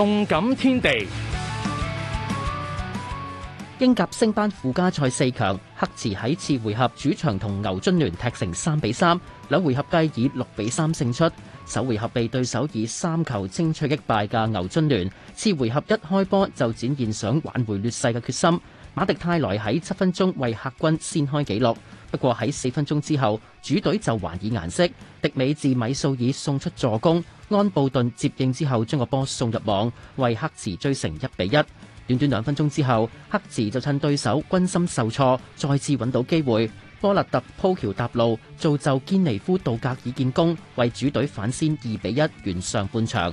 動感天地，英甲升班附加賽四強，黑池喺次回合主場同牛津聯踢成三比三，兩回合計以六比三勝出。首回合被對手以三球清脆擊敗嘅牛津聯，次回合一開波就展現想挽回劣勢嘅決心。馬迪泰萊喺七分鐘為客軍先開紀錄，不過喺四分鐘之後，主隊就還以顏色。迪美治米素爾送出助攻，安布頓接應之後將個波送入網，為黑池追成一比一。短短兩分鐘之後，黑池就趁對手軍心受挫，再次揾到機會。波勒特鋪橋搭路，造就堅尼夫道格爾建功，為主隊反先二比一，完上半場。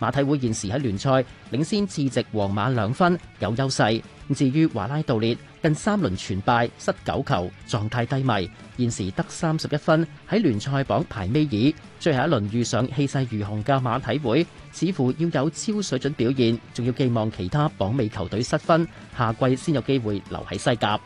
馬體會現時喺聯賽領先次席皇馬兩分有優勢。至於華拉道列近三輪全敗失九球狀態低迷，現時得三十一分喺聯賽榜排尾二。最後一輪遇上氣勢如虹嘅馬體會，似乎要有超水準表現，仲要寄望其他榜尾球隊失分，下季先有機會留喺西甲。